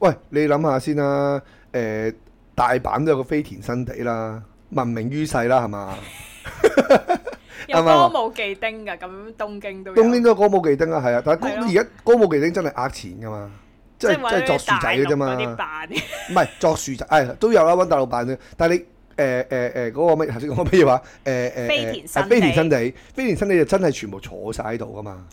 喂，你諗下先啦、啊，誒、呃、大阪都有個飛田新地啦。聞名於世啦，係嘛？ 有歌舞伎町噶，咁東京都。東京都歌舞伎町啊，係啊，但係而家歌舞伎町真係呃錢噶嘛，即係即係作樹仔嘅啫嘛。唔係作樹仔，誒 都、哎、有啦，搵大陸辦啫，但係你誒誒誒嗰個咩？譬如話誒誒誒，飛田飛田新地，飛田新地就真係全部坐晒喺度噶嘛。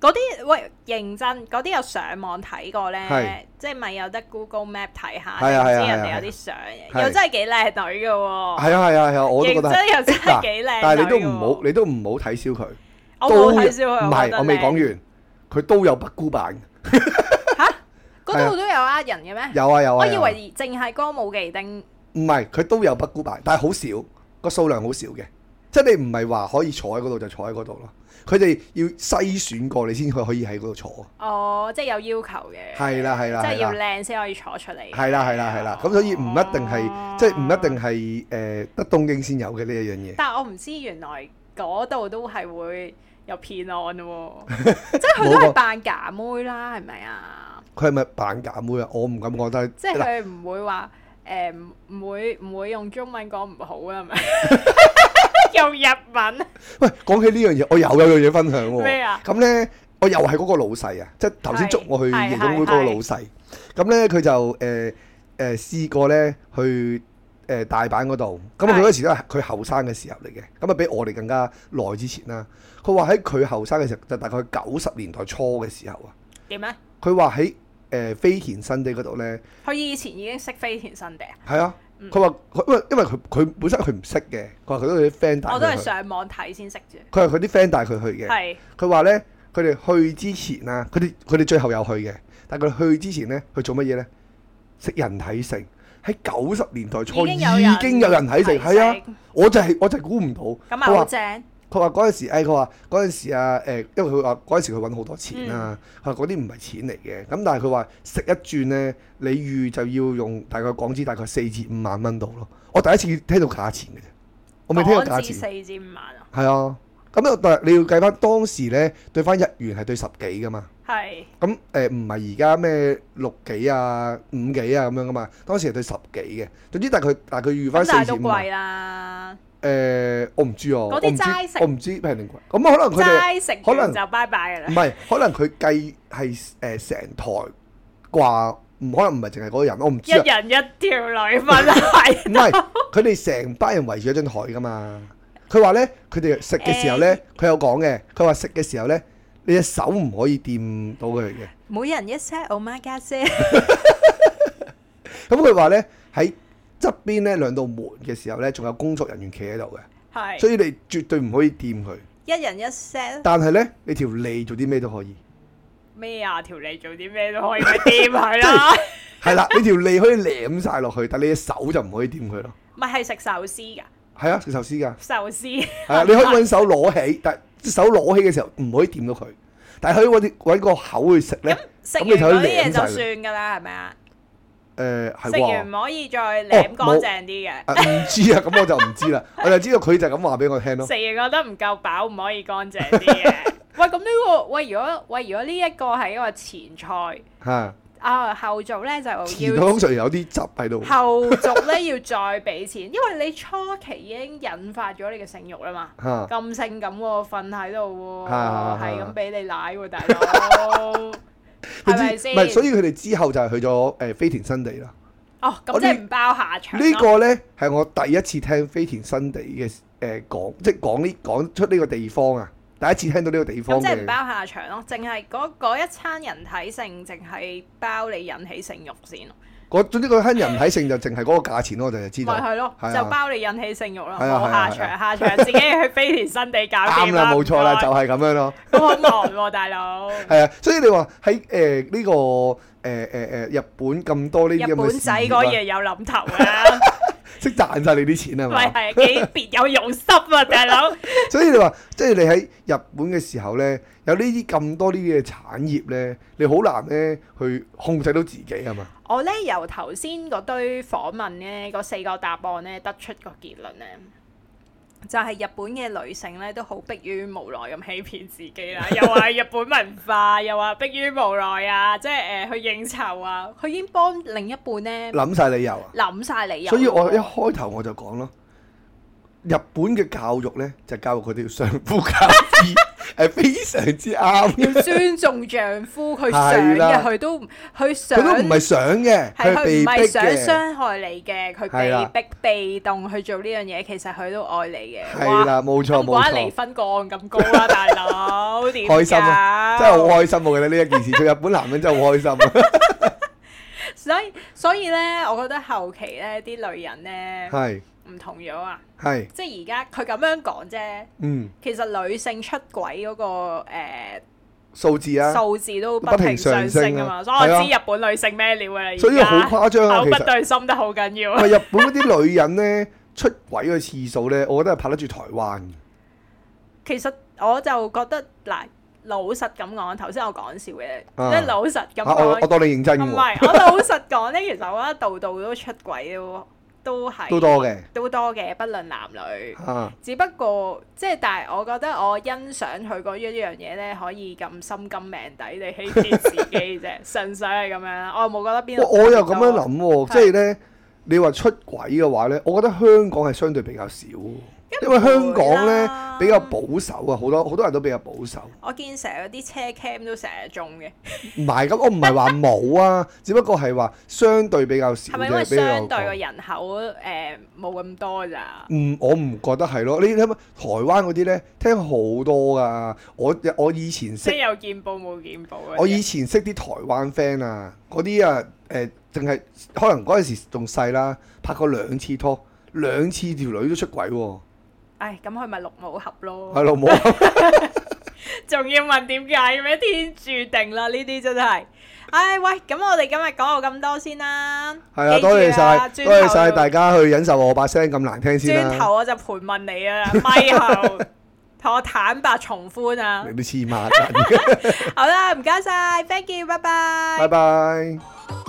嗰啲喂，認真嗰啲有上網睇過咧，即係咪有得 Google Map 睇下？係係係。知人哋有啲相，又真係幾靚女嘅喎。係啊係啊係啊，我都覺得真係又真係幾靚女。但係你都唔好，你都唔好睇小佢。我唔睇小佢，我覺得靚。唔係，我未講完，佢都有不顧版。嚇？嗰度都有呃人嘅咩？有啊有啊。我以為淨係《歌舞伎》定？唔係，佢都有不顧版，但係好少個數量好少嘅。即係你唔係話可以坐喺嗰度就坐喺嗰度咯，佢哋要篩選過你先可可以喺嗰度坐。哦，即係有要求嘅。係啦係啦，即係要靚先可以坐出嚟。係啦係啦係啦，咁、哦嗯、所以唔一定係，哦、即係唔一定係誒、呃，得東京先有嘅呢一樣嘢。但係我唔知原來嗰度都係會有騙案喎，哦、 即係佢都係扮假，假妹啦，係咪啊？佢係咪扮假妹啊？我唔敢講，但即係佢唔會話誒，唔會唔會用中文講唔好啊，係咪？ 用日文。喂，講起呢樣嘢，我又有樣嘢分享喎。咩啊？咁呢，我又係嗰個老細啊，即係頭先捉我去夜總會嗰個老細。咁呢，佢就誒誒、呃呃、試過呢去誒、呃、大阪嗰度。咁佢嗰時都係，佢後生嘅時候嚟嘅。咁啊，比我哋更加耐之前啦。佢話喺佢後生嘅時候，就大概九十年代初嘅時候啊。點呢嗎？佢話喺誒飛田新地嗰度呢。佢以前已經識飛田新地啊。係啊。佢話：佢因為因為佢佢本身佢唔識嘅，佢話佢都係啲 friend 帶佢。我都係上網睇先識啫。佢係佢啲 friend 帶佢去嘅。係是。佢話咧，佢哋去之前啊，佢哋佢哋最後又去嘅，但佢去之前咧，佢做乜嘢咧？食人體性。喺九十年代初已經有人已經有人體性係啊性我，就係！我就係我就估唔到。咁啊，好正。佢話嗰陣時，誒佢話嗰陣時啊，誒、欸，因為佢話嗰陣時佢揾好多錢啊，佢話嗰啲唔係錢嚟嘅。咁但係佢話食一轉呢，你預就要用大概港紙大概四至五萬蚊度咯。我第一次聽到價錢嘅啫，我未聽到價錢。港紙四至五萬啊。係啊，咁樣但係你要計翻、嗯、當時呢，兌翻日元係兌十幾噶嘛。係是。咁誒唔係而家咩六幾啊五幾啊咁樣噶嘛？當時係兌十幾嘅，總之大概大概，大概預翻四至五。咁大都貴啦。誒，我唔知啊！嗰啲齋食，我唔知，唔係定貴。咁可能佢哋，可能就拜拜㗎啦。唔係，可能佢計係誒成台啩，唔可能唔係淨係嗰個人。我唔知。一人一條女襪啊！唔係，佢哋成班人圍住一張台㗎嘛。佢話咧，佢哋食嘅時候咧，佢有講嘅。佢話食嘅時候咧，你隻手唔可以掂到佢嘅。每人一 set。Oh my god！咁佢話咧喺，側邊咧兩道門嘅時候咧，仲有工作人員企喺度嘅，所以你絕對唔可以掂佢。一人一 set。但係咧，你條脷做啲咩都可以。咩啊？條脷做啲咩都可以掂佢啦，係啦，你條脷可以舐曬落去，但你隻手就唔可以掂佢咯。咪係食壽司㗎？係啊，食壽司㗎。壽司啊！你可以揾手攞起，但隻手攞起嘅時候唔可以掂到佢，但係可以揾揾個口去食咧。咁食完舐曬就算㗎啦，係咪啊？誒係食完唔可以再舐乾淨啲嘅？唔知啊，咁我就唔知啦，我就知道佢就係咁話俾我聽咯。食完覺得唔夠飽，唔可以乾淨啲嘅。喂，咁呢個喂，如果喂如果呢一個係一個前菜嚇，啊後續咧就前通常有啲汁喺度。後續咧要再俾錢，因為你初期已經引發咗你嘅性慾啦嘛。咁性感喎，瞓喺度喎，係咁俾你奶喎，大佬。係咪唔係，所以佢哋之後就係去咗誒飛田新地啦。哦，咁、嗯、這即係唔包下場。呢個呢，係我第一次聽飛田新地嘅誒、呃、講，即係講呢講出呢個地方啊，第一次聽到呢個地方、嗯嗯。即係唔包下場咯，淨係嗰一餐人體性，淨係包你引起性慾先。我總之佢客人唔睇性就淨係嗰個價錢，我就知道。咪係咯，就包你引起性慾啦，冇下場下場，自己去飛田新地搞地。啱啦，冇錯啦，就係咁樣咯。咁好忙喎、啊，大佬。係啊，所以你話喺誒呢個誒誒誒日本咁多呢啲日本仔個嘢有諗頭啊！ 識賺晒你啲錢係嘛？唔係係幾別有用心喎，大佬。 所以你話即係你喺日本嘅時候咧，有呢啲咁多呢啲嘅產業咧，你好難咧去控制到自己係嘛？我咧由頭先嗰堆訪問咧，嗰四個答案咧得出個結論咧。就係日本嘅女性咧，都好迫於無奈咁欺騙自己啦，又話日本文化， 又話迫於無奈啊，即係誒、呃、去應酬啊，佢已經幫另一半咧諗晒理由，啊，諗晒理由，啊。所以我一開頭我就講咯，日本嘅教育咧就係，教育佢哋要相夫教子。 係非常之啱。要尊重丈夫，佢想嘅佢都佢想。佢都唔係想嘅，係被逼嘅。佢唔係想傷害你嘅，佢被逼、被動去做呢樣嘢，其實佢都愛你嘅。係啦，冇錯冇錯。香港離婚個案咁高啦，大佬，點啊？開心啊！真係好開心啊！覺得呢一件事，對日本男人真係好開心啊！所以所以咧，我覺得後期咧啲女人咧係。唔同咗啊！係，即係而家佢咁樣講啫。嗯，其實女性出軌嗰個誒數字啊，數字都不停上升啊嘛。所以我知日本女性咩料嘅。所以好誇張啊！口不對心都好緊要。係日本嗰啲女人咧出軌嘅次數咧，我覺得係拍得住台灣嘅。其實我就覺得嗱，老實咁講，頭先我講笑嘅，即係老實咁講，我我當你認真嘅。唔係，我老實講咧，其實我覺得度度都出軌嘅。都係，都多嘅，都多嘅，不論男女。啊、只不過即係、就是，但係我覺得我欣賞佢嗰一樣嘢，呢可以咁心甘命抵地欺騙自己啫，純 粹係咁樣。我又冇覺得邊，我，邊我又咁樣諗、哦，即係呢，你話出軌嘅話呢，我覺得香港係相對比較少。因為香港咧比較保守啊，好多好多人都比較保守，我。 我見成日啲車 cam 都成日中嘅。唔係，咁我唔係話冇啊， 只不過係話相對比較少。係咪因為相對個人口誒冇咁多咋？嗯，我唔覺得係咯。你睇下台灣嗰啲咧，聽好多㗎。我我以前識有見報冇見報。我以前識啲台灣 friend 啊，嗰啲啊誒，淨、呃、係可能嗰陣時仲細啦，拍過兩次拖，兩次條女都出軌喎、啊。唉，咁佢咪綠帽俠咯，係綠帽俠，仲要問點解？咩天注定啦？呢啲真係，唉喂，咁我哋今日講到咁多先啦，係啊，多謝晒，多謝晒大家去忍受我把聲咁難聽先啦，轉頭我就盤問你啊，咪頭，同我坦白從寬啊，你都黐孖筋，好啦，唔該晒，thank you，拜拜，拜拜。